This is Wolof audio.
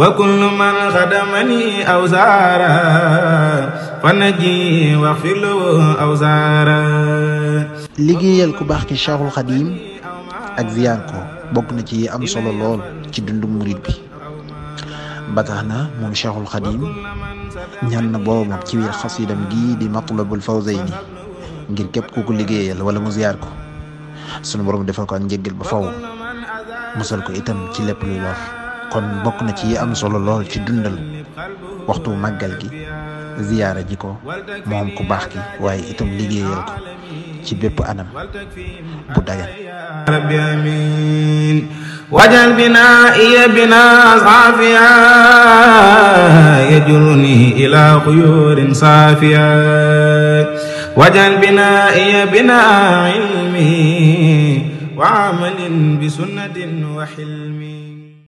وكل من خدمني أو زارا فنجي واغفر له أو زارا ليغيال كو باخ شيخ القديم اك زيانكو بوكنا تي ام سولو لول تي مريد بي باتانا مون شيخ القديم نيان نا بوم تي وير خصيدم دي دي مطلب الفوزين ngir kep ko ko ligéeyal wala mu ziar ko sunu borom defal ko ak njéggel ba kon bokk na ci yi am solo lool ci dundal waxtu màggal gi ziyaara ji ko moom ku baax ki waaye itam liggéeyal ko ci bépp anam bu dagan rabbi amin wajal bina iya bina saafiya yajuruni ila xuyurin saafiya wajal bina iya bina ilmi wa amalin bi sunnatin wa xilmi